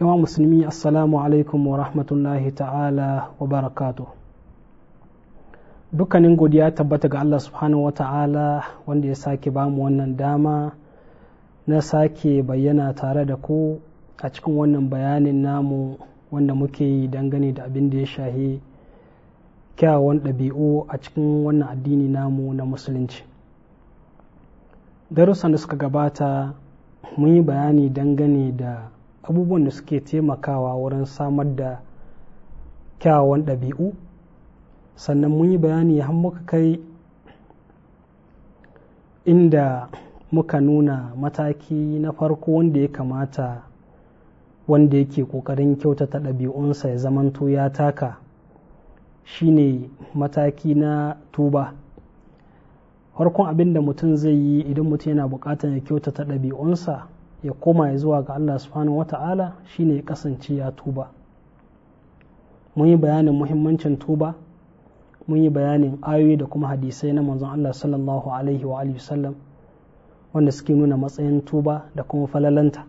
yawan musulmi assalamu alaikum wa rahmatullahi ta'ala wa barakatu dukkanin godiya tabbata ga Allah subhanahu wa ta'ala wanda ya sake bamu wannan dama na sake bayyana tare da ku a cikin wannan bayanin namu wanda muke yi dangane da abin da ya shahi kyawawan ɗabi'u a cikin wannan addini namu na musulunci darussan da suka gabata mun yi bayani dangane da abubuwan da suke taimakawa wurin samar da kyawawan ɗabi'u sannan mun yi bayani har muka kai inda muka nuna mataki na farko wanda ya kamata wanda yake kokarin kyautata ɗabi'unsa ya zamanto ya taka shine mataki na tuba farkon abin da mutum zai yi idan mutum yana buƙatar ya kyautata ɗabi'unsa ya koma ya zuwa ga Allah subhanahu shi shine ya kasance ya tuba mun yi bayanin muhimmancin tuba mun yi bayanin ayoyi da kuma hadisai na manzon Allah sallallahu alaihi wa alihi sallam wanda suke nuna matsayin tuba da kuma falalanta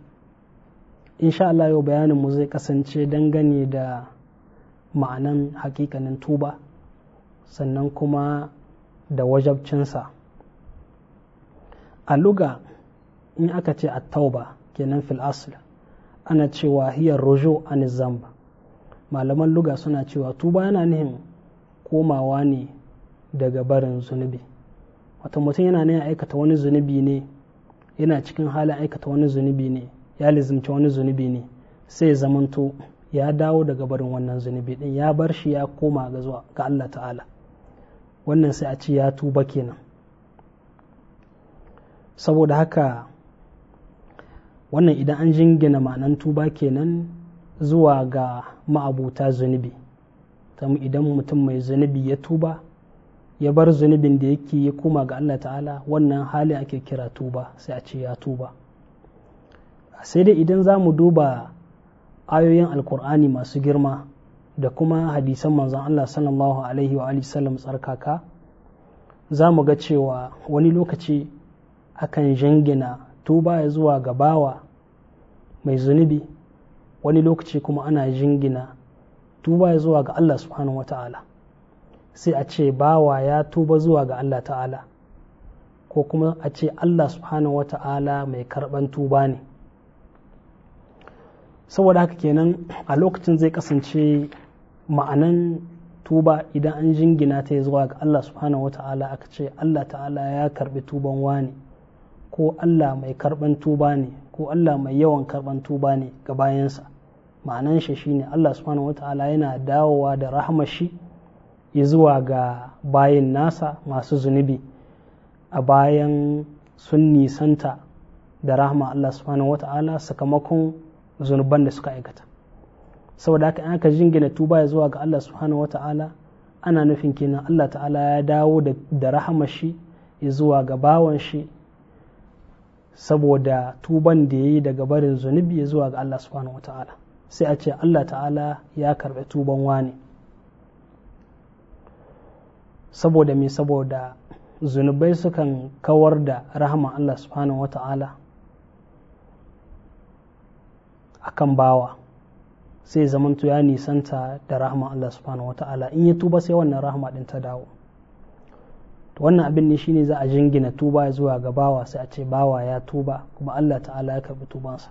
insha Allah yau bayanin mu zai kasance dangane da ma'anan hakikanin tuba sannan kuma da wajabcinsa a luga in aka ce a tauba kenan fil asl ana cewa hiyar rojo a Nizamba malaman luga suna cewa tuba yana nihin komawa ne daga barin zunubi wata mutum yana nihin aikata wani zunubi ne yana cikin halin aikata wani zunubi ne ya lizimci wani zunubi ne sai zamanto ya dawo daga barin wannan zunubi din ya bar shi ya koma ga zuwa ga Allah ta'ala wannan sai a ce ya tuba kenan saboda haka wannan idan an jingina ma'anan tuba kenan zuwa ga ma'abuta zunubi tamu idan mutum mai zunubi ya tuba ya bar zunubin da yake ya koma ga Allah ta'ala wannan hali ake kira tuba sai a ce ya tuba sai dai idan za mu duba ayoyin alkur'ani masu girma da kuma hadisan manzon Allah sallallahu alaihi wa sallam tsarkaka za mu ga cewa wani lokaci akan jingina tuba ya zuwa ga bawa mai zunubi wani lokaci kuma ana jingina tuba ya zuwa ga Allah subhanahu wa ta'ala sai a ce bawa ya tuba zuwa ga Allah ta'ala ko kuma a ce Allah subhanahu wa ta'ala mai karban tuba ne saboda haka kenan a lokacin zai kasance ma'anan tuba idan an jingina ta zuwa ga Allah subhanahu wa ta'ala aka ce Allah ta'ala ya karbi tuban wani ko Allah mai karɓan tuba ne ko Allah mai yawan karɓan tuba ne ga bayansa ma'anan shi shine Allah subhanahu wata'ala yana dawowa da rahmar shi zuwa ga bayin nasa masu zunubi a bayan sun nisanta da rahma Allah subhanahu wata'ala sakamakon zunuban da suka aikata saboda haka in aka jingina tuba ya zuwa ga Allah subhanahu wata'ala ana nufin kenan Allah ta'ala ya dawo da rahama shi zuwa ga bawan shi saboda tuban da ya yi daga barin zunubi zuwa ga Allah subhanahu wa ta'ala sai a ce Allah ta'ala ya karɓi tuban wani saboda mai saboda zunubai sukan kawar da rahama Allah subhanahu wa ta'ala a kan bawa sai zamanto ya nisanta da rahama Allah subhanahu wa ta'ala in ya tuba sai wannan rahama ɗin ta dawo to wannan abin ne shine za a jingina tuba zuwa ga bawa sai a ce bawa ya tuba kuma Allah ta'ala ya karbi tubansa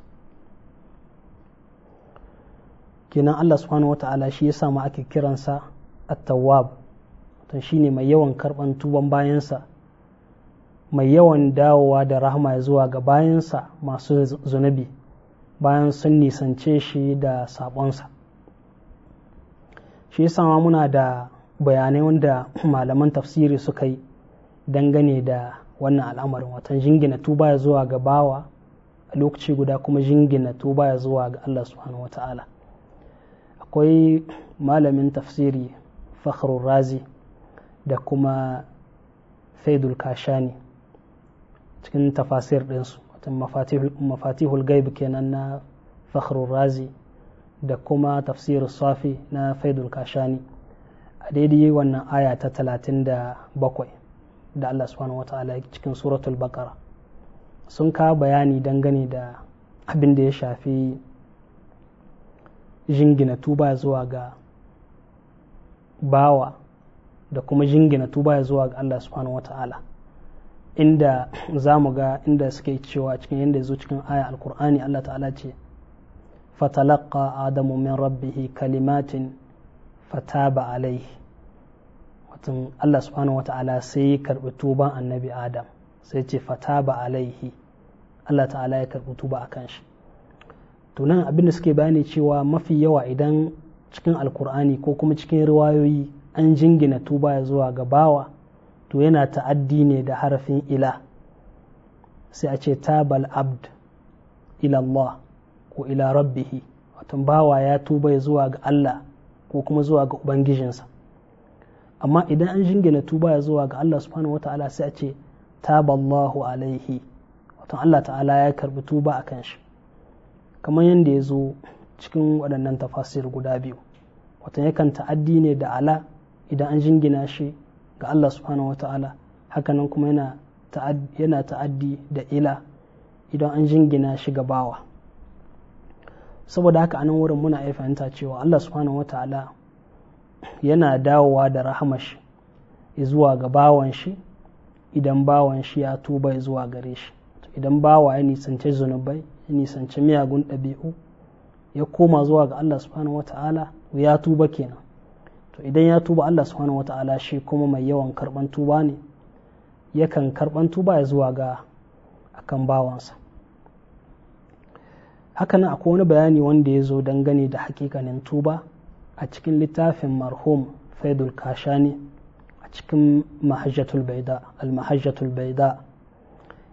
kenan Allah subhanahu wata'ala shi ya samu ake kiransa at-tawwab to shine mai yawan karban tuban bayansa mai yawan dawowa da rahama zuwa ga bayansa masu zunubi bayan sun nisance shi da sabonsa shi ya ma muna da bayanai wanda malaman tafsiri suka yi dangane da wannan al'amarin watan jingina tuba ya zuwa ga bawa a lokaci guda kuma jingina tuba ya zuwa ga Allah subhanahu wata'ala akwai malamin tafsiri fakhrul razi da kuma faidul kashani cikin tafasir ɗinsu watan mafatihul gaib kenan na fakhrul razi da kuma tafsir safi na faidul kashani a daidai wannan aya ta talatin da bakwai. da Allah subhanahu wata'ala cikin suratul baqara sun kawo bayani dangane da abin da ya shafi jingina tuba zuwa ga bawa da kuma jingina tuba zuwa ga Allah subhanahu wata'ala inda za mu ga inda suke cewa cikin yadda zo cikin aya alkur'ani Allah ta'ala ce fatalaqa adamu min rabbihi kalimatin fataba alaihi tun Allah subhanahu ta'ala sai ya karɓi tuban annabi Adam sai ce fata ba alaihi Allah ta'ala ya karɓi tuba a kan shi to nan abin da suke bayani cewa mafi yawa idan cikin alkur'ani ko kuma cikin riwayoyi an jingina tuba ya zuwa ga bawa to yana ta'addi ne da harafin ila sai a ce tabal abd ila Allah ko ila rabbihi wato bawa ya tuba ya zuwa ga Allah ko kuma zuwa ga ubangijinsa amma idan an jingina tuba ya zuwa ga Allah subhanahu ta'ala sai a ce taballahu alaihi wato Allah ta'ala ya karbi tuba a kan shi kamar yadda ya zo cikin waɗannan tafasir guda biyu wato yakan ta'addi ne da ala idan an jingina shi ga Allah subhanahu wata'ala hakanan kuma yana yana ta'addi da ila idan an jingina shi ga bawa saboda haka anan wurin muna iya fahimta cewa Allah subhanahu ta'ala yana dawowa da rahamashi zuwa ga bawan shi idan bawan shi ya tuba zuwa gare shi idan bawa ya nisance zunubai ya nisance miyagun ɗabi'u ya koma zuwa ga Allah subhanahu wata'ala ya tuba kenan to idan ya tuba Allah subhanahu wata'ala shi kuma mai yawan karban tuba ne yakan karban tuba ya zuwa ga akan bawansa Haka hakanan akwai wani bayani wanda ya zo dangane da hakikanin tuba a cikin littafin marhum faidul kashani a cikin mahajjatul baida al baida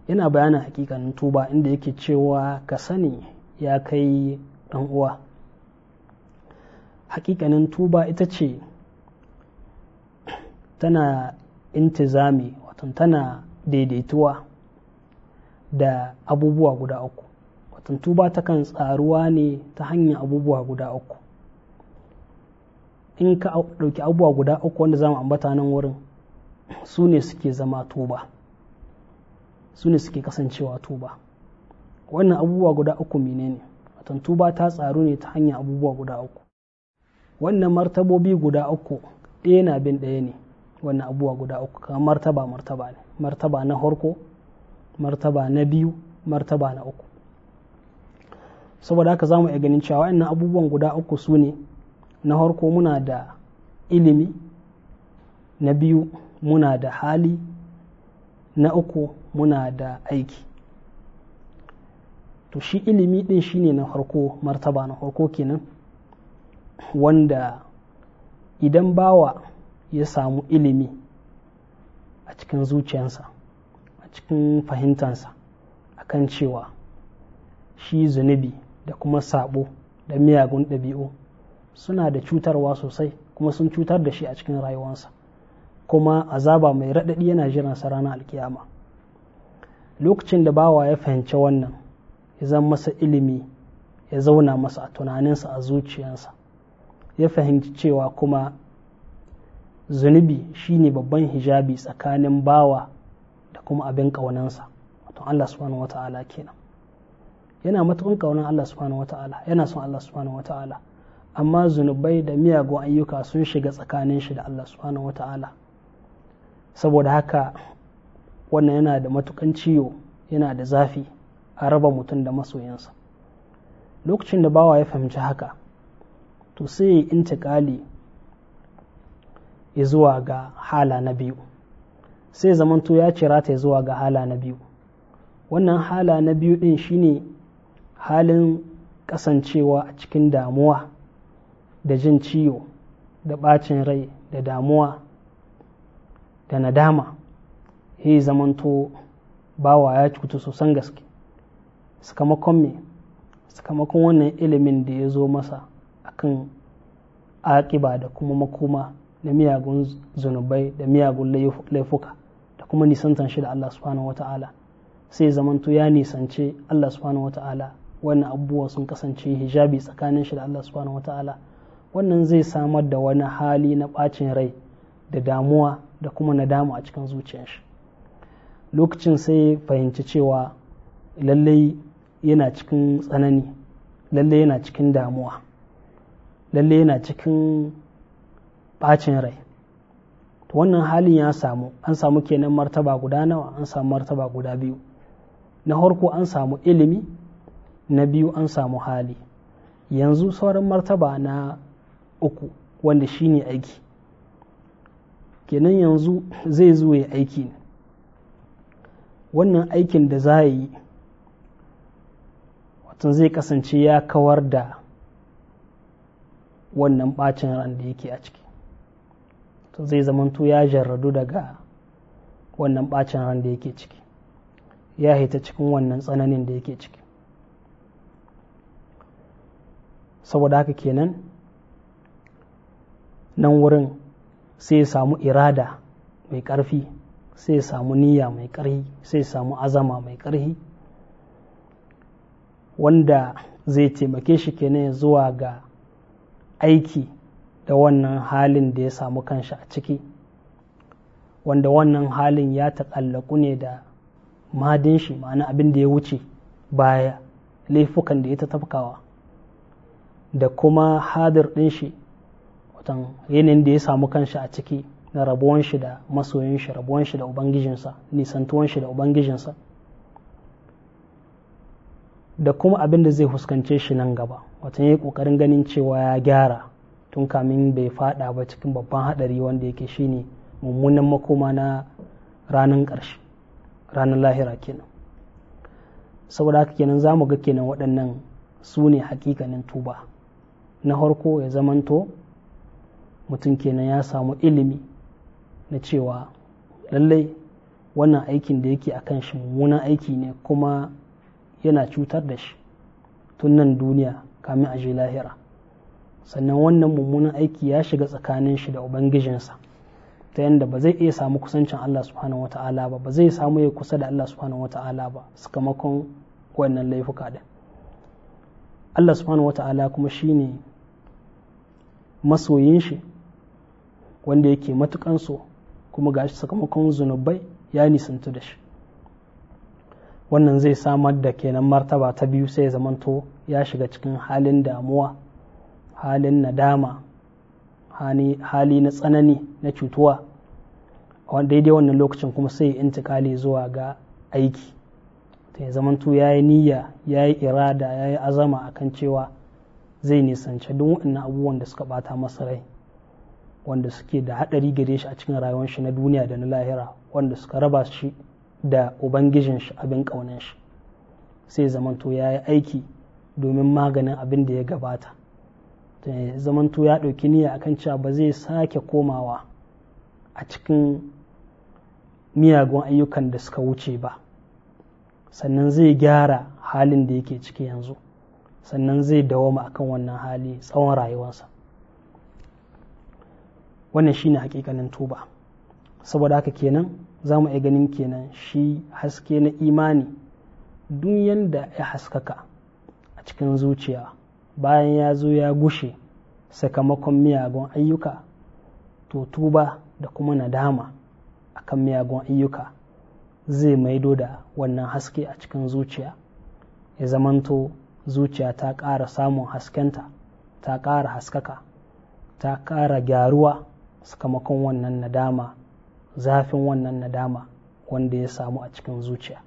yana bayanin hakikanin tuba inda yake cewa ka sani ya kai dan uwa hakikanin tuba ita ce tana intizami wato tana daidaituwa da abubuwa guda uku wato tuba takan tsaruwa ne ta hanyar abubuwa guda uku in ka ɗauki abubuwa guda uku wanda za mu ambata nan wurin su ne suke zama tuba su ne suke kasancewa tuba wannan abubuwa guda uku menene watan tuba ta tsaru ne ta hanyar abubuwa guda uku wannan martabobi guda uku ɗaya na bin ɗaya ne wannan abubuwa guda uku kamar martaba martaba ne martaba na harko martaba na biyu martaba na uku saboda haka za mu iya ganin cewa wa'annan abubuwan guda uku su ne na harko muna da ilimi na biyu muna da hali na uku muna da aiki to shi ilimi din shine na harko martaba na harko kenan wanda idan bawa ya samu ilimi a cikin zuciyansa a cikin fahimtansa akan cewa shi zunubi da kuma sabo da miyagun ɗabi'u suna da cutarwa sosai kuma sun cutar da shi a cikin rayuwansa, kuma azaba mai raɗaɗi yana jiran sa ranar alkiyama lokacin da bawa ya fahimci wannan ya zama masa ilimi ya zauna masa a tunaninsa a zuciyansa, ya fahimci cewa kuma zunubi shine babban hijabi tsakanin bawa da kuma abin ƙaunansa wato Allah subhanahu wata'ala kenan yana matuƙin ƙaunar Allah subhanahu wata'ala yana son Allah subhanahu wata'ala amma zunubai da miyagun ayyuka sun shiga tsakanin shi da Allah subhanahu ta'ala saboda haka wannan yana da matukan ciwo yana da zafi a raba mutum da masoyansa lokacin da bawa ya fahimci haka to sai ya intikali ya zuwa ga hala na biyu sai zamanto ya cira ta zuwa ga hala na biyu wannan hala na biyu din shine halin kasancewa a cikin damuwa da jin ciwo da ɓacin rai da damuwa da nadama ya zamanto bawa ya cutu sosan gaske sakamakon me sakamakon wannan ilimin da ya zo masa akan aƙiba da kuma makoma da miyagun zunubai da miyagun laifuka da kuma nisantan shi da Allah subhanahu wata'ala sai zamanto ya nisance Allah subhanahu wata'ala wannan abubuwa sun kasance hijabi tsakanin shi da Allah subhanahu wata'ala wannan zai samar da wani hali na ɓacin rai da damuwa da kuma nadama a cikin zuciyar shi lokacin sai fahimci cewa lallai yana cikin tsanani lallai yana cikin damuwa lallai yana cikin ɓacin rai to wannan halin ya samu an samu kenan martaba guda nawa an samu martaba guda biyu na harko an samu ilimi na biyu an samu hali yanzu sauran martaba na uku wanda shi ne aiki kenan yanzu zai zo ya aiki ne wannan aikin da za a yi watan zai kasance ya kawar da wannan bacin ran da yake a ciki to zai zamanto ya jarradu daga wannan bacin ran da yake ciki ya haita cikin wannan tsananin da yake ciki saboda haka kenan nan wurin sai ya samu irada mai ƙarfi sai ya samu niyya mai ƙarfi sai ya samu azama mai ƙarfi wanda zai taimake shi kenan zuwa ga aiki da wannan halin da ya samu kanshi a ciki wanda wannan halin ya taƙallaku ne da madin shi ma'ana abin da ya wuce baya laifukan da ya ta tafkawa da kuma hadir ɗin shi watan yanayin da ya samu kanshi a ciki na rabuwan shi da masoyin shi rabuwan shi da ubangijinsa nisantuwan shi da ubangijinsa da kuma abin da zai fuskance shi nan gaba watan ya yi kokarin ganin cewa ya gyara tun kamin bai fada ba cikin babban hadari wanda yake shine mummunan makoma na ranar ƙarshe ranar lahira kenan saboda haka kenan za mu ga kenan waɗannan su ne hakikanin tuba na harko ya zamanto mutum kenan ya samu ilimi na cewa lallai wannan aikin da yake a kan shi mummunan aiki ne kuma yana cutar da shi tun nan duniya kamin a je lahira sannan wannan mummunan aiki ya shiga tsakanin shi da ubangijinsa ta yadda ba zai iya samu kusancin Allah subhanahu wa ta'ala ba ba zai samu ya kusa da Allah subhanahu wa ta'ala ba sakamakon wannan laifuka din Allah subhanahu wa ta'ala kuma shine masoyin shi wanda yake matukan so kuma ga sakamakon zunubai ya nisantu da shi wannan zai samar da kenan martaba ta biyu sai zamanto ya shiga cikin halin damuwa halin nadama hali na tsanani na cutuwa daidai wannan lokacin kuma sai intikali zuwa ga aiki ta zamantu zamanto ya yi niyya ya yi irada ya yi azama akan cewa zai nisanci duk waɗannan abubuwan da suka ɓata masa rai wanda suke da haɗari gare shi a cikin rayuwar shi na duniya da na lahira wanda suka raba shi da ubangijin shi abin ƙaunan shi sai zamanto ya yi aiki domin maganin abin da ya gabata zamanto ya ɗauki niyya akan cewa ba zai sake komawa a cikin miyagun ayyukan da suka wuce ba sannan zai gyara halin da yake ciki yanzu sannan zai dawoma akan wannan hali tsawon rayuwarsa wannan shi ne hakikanin tuba saboda haka kenan za mu iya ganin kenan shi haske na imani duk yanda ya haskaka a cikin zuciya bayan ya zo ya gushe sakamakon miyagun ayyuka to tuba da kuma nadama akan miyagun ayyuka zai maido da wannan haske a cikin zuciya ya zamanto zuciya ta ƙara samun haskenta ta ƙara haskaka ta ƙara gyaruwa sakamakon wannan nadama zafin wannan nadama wanda ya samu a cikin zuciya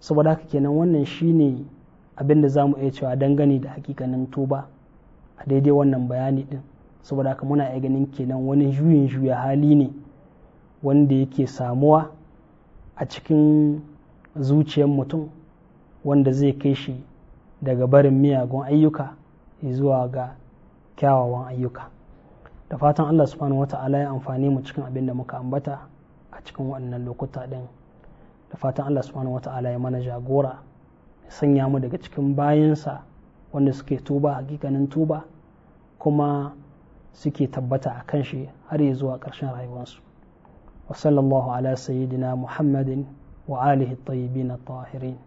saboda haka kenan wannan shine abin da za mu iya cewa dangane da hakikanin tuba a daidai wannan bayani din saboda haka muna iya ganin kenan wani juyin juya hali ne wanda yake samuwa a cikin zuciyar mutum wanda zai kai shi daga barin miyagun ayyuka zuwa ga kyawawan ayyuka da fatan Allah subhanahu wata'ala ya amfani mu cikin abin da muka ambata a cikin waɗannan lokuta ɗin da fatan Allah subhanahu wata'ala ya mana jagora ya sanya mu daga cikin bayansa wanda suke tuba hakikanin tuba kuma suke tabbata a kan shi har ya zuwa ƙarshen rayuwarsu wa sallallahu ala sayyidina muhammadin wa alihi tayyibin tahirin